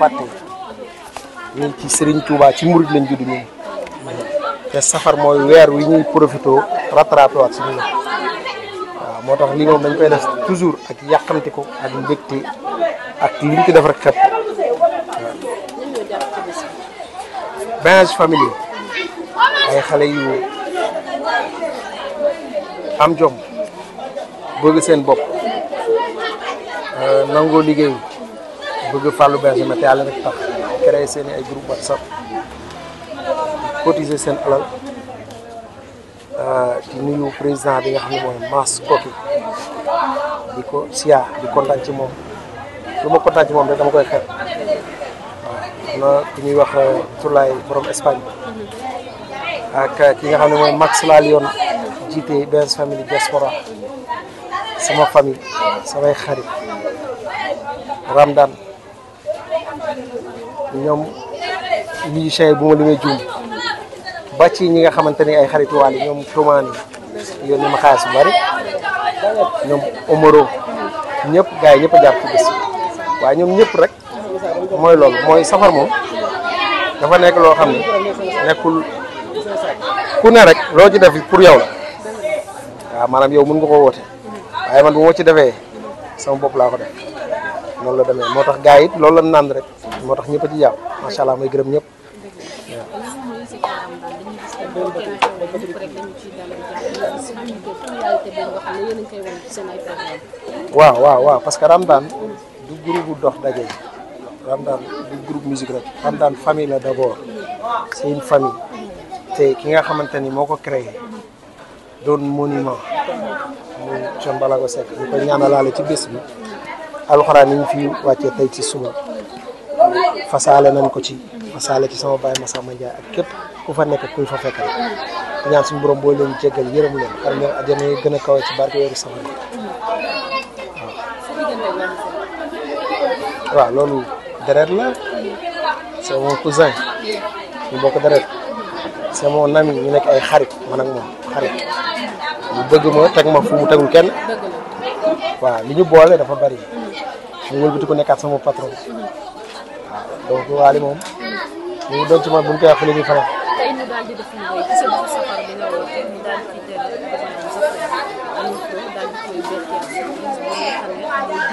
fàtte ñun ci Serigne Touba ci murit lañ judd ñun te safar mooy weer wi ñuy profité rattrapé waat suñu waaw moo tax lii moom dañ koy def toujours ak yàqante ko ak mbégte ak liñ ko def rek xet waaw benn ay xale yu am jom bëgg seen bopp Euh, nangoo liggéeyu bëgg Fallou Benjamin te yàlla rek tax créé seen ay groupe WhatsApp cotiser seen alal euh, di nuyu président bi nga xam ne mooy Mass Koki di ko siyaa di kontaan ci moom lu ma kontaan ci moom rek dama koy xeeb waaw na ku ñuy wax euh, Toulaye borom Espagne ki nga xam ne mooy Max Lalion jiite Benz Family Diaspora sama famille samay xarit daan ñoom musicien bu ma limee juum ba ci ñi nga xamante ni ay xarit waale ñoom tumaani yónni ma xaalis bu bari ñoom Omoro ñëpp gars yi ñëpp a jàpp ci bés waaye ñoom ñëpp rek mooy loolu mooy safar moom dafa nekk loo xam ne nekkul ku ne rek loo ci def pour yow la waaw maanaam yow mën nga ko woote waaye man bu ma ci defee sama bopp laa ko def noonu la demee moo tax gars yi loolu la naan rek moo tax ñëpp a ci jàpp macha allah may gërëm ñëpp waaw waaw waaw parce que Ramadane du groupe dox daje Ramadane du groupe musique rek Ramadane famille la d'abord c'est une famille te ki nga xamante ni moo ko créé doon monument mu Thione Ballago Seck ñu koy ñaanalaale ci bés bi alxuraan yi ñu fi wàccee tey ci suba fasaale nañ ko ci fasaale ci sama baay Massamba Ndiaye ak képp ku fa nekk kuy fa fekkal ñaan suñu borom boo leen jéggal yërëm leen xar ngeen àjjana yi gën a kawe ci barke weeru safar waaw waaw loolu deret la c'est mon cousin ñu bokk deret c'est mon ñu nekk ay xarit man ak moom xarit mu bëgg ma teg ma fu mu tegul kenn waaw li ñu boole dafa bari mu wëlbati ko nekkaat sama patron waaw donc Wally moom bu ñu koy wax fële di def ñu koy gis nga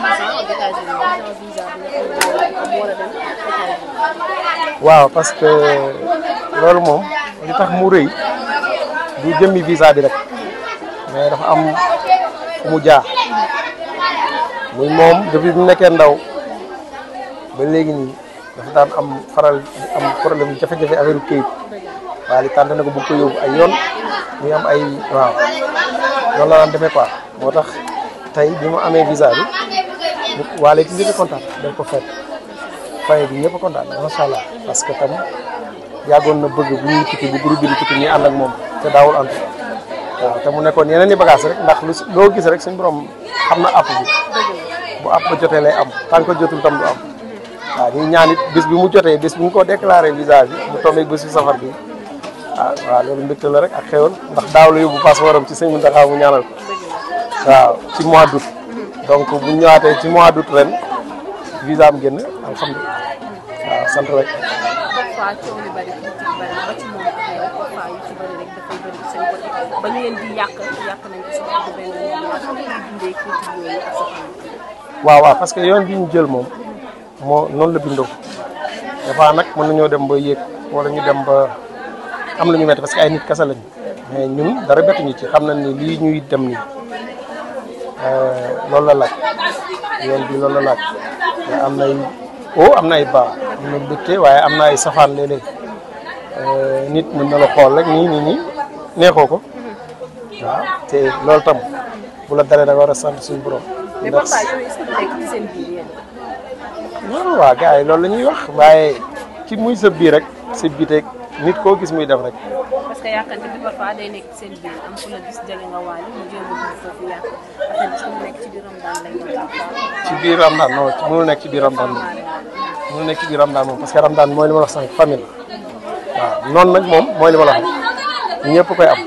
a dem États-Unis. waaw parce que loolu moom li tax mu rëy du dafa am mu jaar. muy moom depuis mu nekkee ndaw ba léegi nii dafa daan am faral am problème jafe-jafe affaire këyit waaye li tànn na ko bu ko yóbbu ay yoon muy am ay waaw noonu la daan demee quoi moo tax tey bi mu amee visa bi waa léegi ñëpp a kontaan dañ ko fekk famille bi ñëpp a kontaan macha parce que tam yàggoon na bëgg bu ñuy tukki bu groupe bi di tukki ak moom te daawul ànd te mu nekkoon yeneen i bagage rek ndax loo gis rek suñu borom xam na app bi bu at jotee lay am tant que jotul tam du am waaw ñuy ñaan bis bi mu jotee bis bi mu ko déclaré visa bi mu tombé bés bi safar bi ah waaw loolu mbégte la rek ak xéwal ndax daaw la yóbbu passeport am ci sëñ Mountakha mu ñaanal waaw ci mois d'août donc bu ñëwaatee ci mois d'août ren visa am génn waaw parce que yoon bi ñu jël moom moo noonu la bindoo des nag mën nañoo dem ba yéeg wala ñu dem ba am lu ñu metti parce que ay nit kasa lañu mais ñun dara bettu ñu ci xam nañ ni lii ñuy dem nii euh, loolu la laaj yoon bi loolu la laaj mais am nay o am na ay baa am na bëtte waaye am na ay safaan léeg-léeg euh, nit mën na la xool rek nii nii nii neexoo ko mm-hmm. waaw te loolu tam bu la dalee da war a sant suñu borom mais papa yow est waa gars yi loolu la wax waaye ci muy sa biir rek bii biteeg nit koo gis muy dem rek. parce que am ku la gis jële nga waale mu jéem a dugg mu nekk ci biir Ramadan lay nekk ci biir Ramadan moom. nekk ci biir Ramadan moom parce que Ramadan mooy li wax sànq famille la. waaw noonu nag moom mooy li wax ñëpp koy am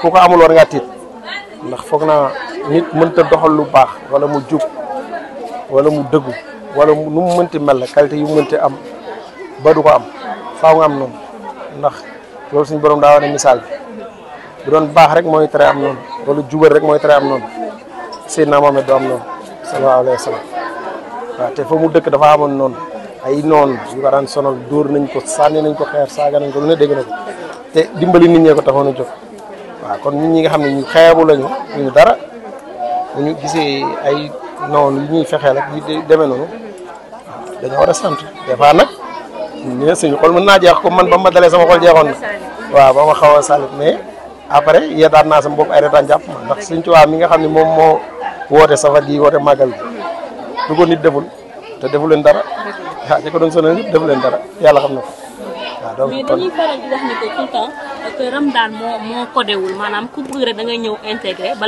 ku ko amul war tiit ndax foog naa. nit mënta doxal lu baax wala mu jub wala mu dëggu wala nu mu mënti mel la qualité yu mënti am ba du ko am faaw nga am noonu ndax loolu suñu borom daa wane misaal bi bu doon baax rek mooy tere am noonu wala jubal rek mooy tere am noonu Seydina Mohamed du am noonu sallallahu alayhi wa sallam waaw te fa mu dëkk dafa amoon noon ay noon yu sonol daan dóor nañ ko sànni nañ ko xeer saaga nañ ko lu ne dégg na te dimbali nit ñee ko taxoon a jóg waa kon nit ñi nga xam ne ñu xeebu lañu dara bu ñu gisee ay noonu yu ñuy fexee rek yu demee noonu dañoo war a sant des fois nag ñun suñu xol mën naa jeex ko man ba ma dalee sama xol jeexoon na waaw ba ma xaw a salit mais après yeetaat naa sama bopp ay jàpp ma ndax suñ tubaab mi nga xam ne moom moo woote safar gi woote màggal gi du nit deful te defu leen dara waaw ah, ñi ko doon leen dara yàlla xam na di wax ni que tout le temps que Ramadan moo moo maanaam ku bëgg rek da ñëw intégré ba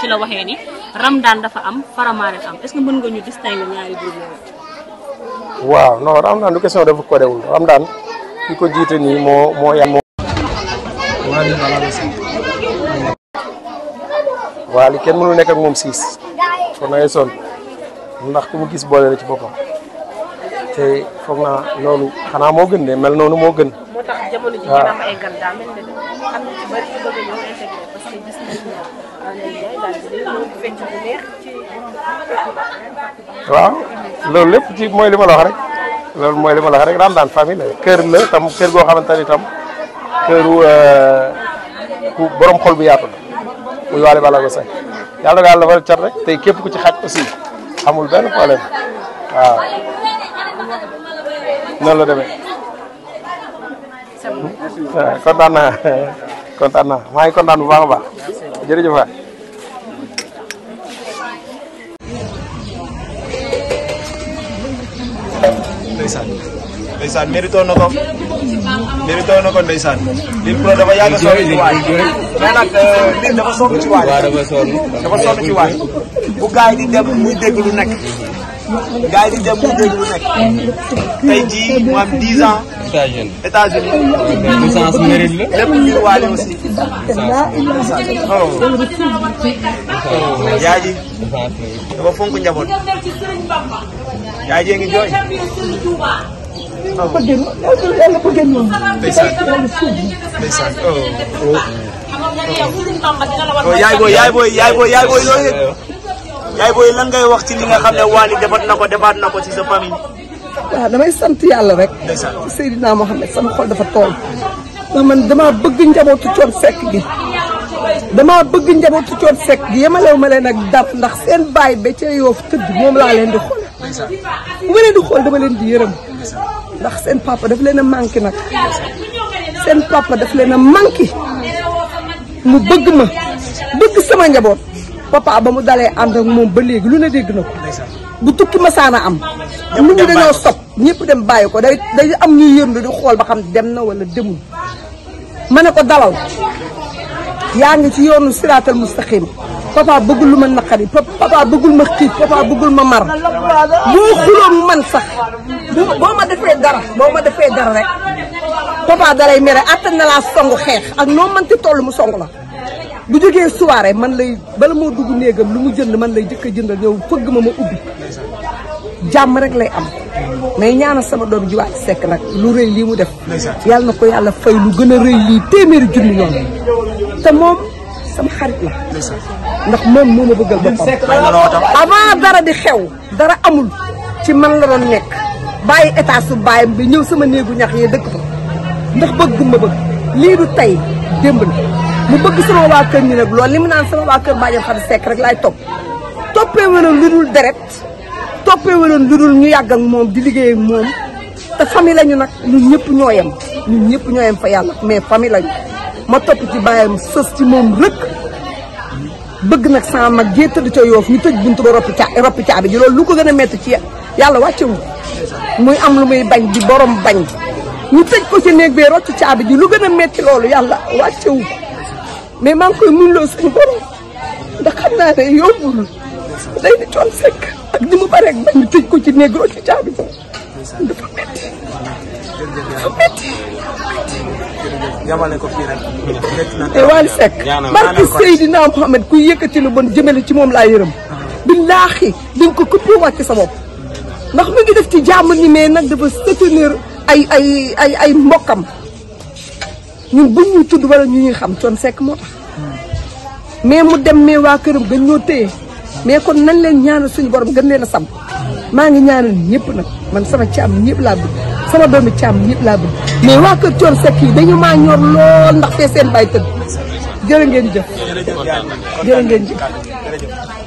ci la waxee ni Ramadan dafa am Faramaren am est-ce que mën nga ñu distinguer ñaari groupe waaw non Ramadan du question dafa ko dewul ki ko jiite nii moo moo yam moo. kenn mënul nekk ak moom siis kon na ngay ndax ku mu gis boole la ci boppam te foog naa loolu xanaa moo gën de mel noonu moo gën. waaw loolu lépp ci mooy li ma la rek loolu mooy li ma la wax rek Ramadan famille la kër la tam kër goo xamante ni tam këru euh, ku borom xol bu yaatu la muy Wally Ballago Seck yàlla daal la fa cat rek tey képp ku ci xaj aussi amul benn problème waaw la demee waaw kontaan naa kontaan naa maa kontaan bu baax baax jërëjëf waay. ndeysaan ndeysaan mérito na ko mérito na ko ndeysaan Lille Pro dafa yàgg a sonn ci waay mais nag euh, Lille dafa sonn ci waay dafa sonn ci waay bu gaay di dem muy dégg lu nekk. gars yi di dem lu déglu nekk tey jii mu am 10 ans. États-Unis États-Unis. licence mérite la. lépp ngir Wally aussi. yaay ji dafa fonk njaboot. yaay jee ngi jooy. yaay booy yaay booy yaay booy yaay booy yaay booy lan ngay wax ci li nga xam ne Wally defaat na ko defaat na ko ci sa famille. damay sant yàlla rek. ndeysaan Seydina Mohamed sama xol dafa tool ndax man damaa bëgg njabootu coon sekk gi damaa bëgg njabootu coon sekk gi yemalewu ma leen ak daf ndax seen baay ba ca yoof tëdd moom laa leen di xool. bu di xool dama leen di yërëm. ndax seen papa daf leen a manqué nag. seen papa daf leen a manqué mu bëgg ma bëgg sama njaboot. papa ba mu dalee ànd ak moom ba léegi lu ne dégg na bu tukki masaana am nit ñi dañoo sob ñëpp dem bàyyi ko day day am ñuy yëndu di xool ba xam dem na wala demul ma ne ko dalal yaa ngi ci yoonu siraatal mustaqim papa bëggul lu ma naqari papa bëggul ma xiit papa bëggul ma mar boo xuloon man sax boo ma defee dara boo ma defee dara rek papa dalay mere attan na laa songu xeex ak noo mënti toll mu song la bu jógee soirée man lay bala moo dugg néegam lu mu jënd man lay jëkk a jëndal ñëw fëgg ma ma ubbi jàmm rek lay am mais ñaana sama doom ji Waly sekk nag lu rëy lii mu def yàlla na ko yàlla fay lu gën a rëy lii téeméeri junni yoon te moom sama xarit la ndax moom moo ma bëggal boppam avant dara di xew dara amul ci man la doon nekk bàyyi état su bàyyam bi ñëw sama néegu ñax yi dëkk fa ndax bëgg ma bëgg lii du tey démb la mu bëgg sama waa kër ñi nag loolu li mu naan sama waa kër bàjjen xam sekk rek lay topp toppee waloon lu dul deret toppee waloon lu dul ñu yàgg moom di liggéey ak moom te famille lañu nag ñun ñëpp ñoo yem ñun ñëpp ñoo yem fa yàlla mais famille lañu ma topp ci bàyyam sës ci moom rëkk bëgg nag sama mag jee tëdd ca yoof ñu tëj buntu ba roppi caa roppi caabi ji loolu lu ko gën a métti ci yàlla wàccewu muy am lu muy bañ di borom bañ ñu tëj ko ci néeg bee rocc caabi ji lu gën a métti loolu yàlla wàccewu mais maa ngi koy muñloo suñu borom ndax xam naa ne yombul day di coon sekk ak ni mu bareeg bañ ñu tëj ko ci néeg ci caabi dafa métti dafa métti yamale ko fii rek te Wally Seck barke lu bon jëmale ci moom laa yërëm billaahi di nga ko këppoo wàcc sa bopp ndax mu ngi def ci jàmm ni mais nag dafa soutenir ay ay ay ay mbokkam ñun ba ñuy tudd wala ñu ñuy xam Thione Seck moo tax mais mu dem mais waa këram gën ñoo téye mais kon nan leen ñaanal suñu borom gën leen a samp maa ngi ñaanal ñëpp nag man sama caam ñëpp laa bëgg sama doomi caam ñëpp laa bëgg mais waa kër Thione Seck yi dañu maa ñor lool ndax fee seen bàyyi tëdd jërë ngeen jëf jërë ngeen jëf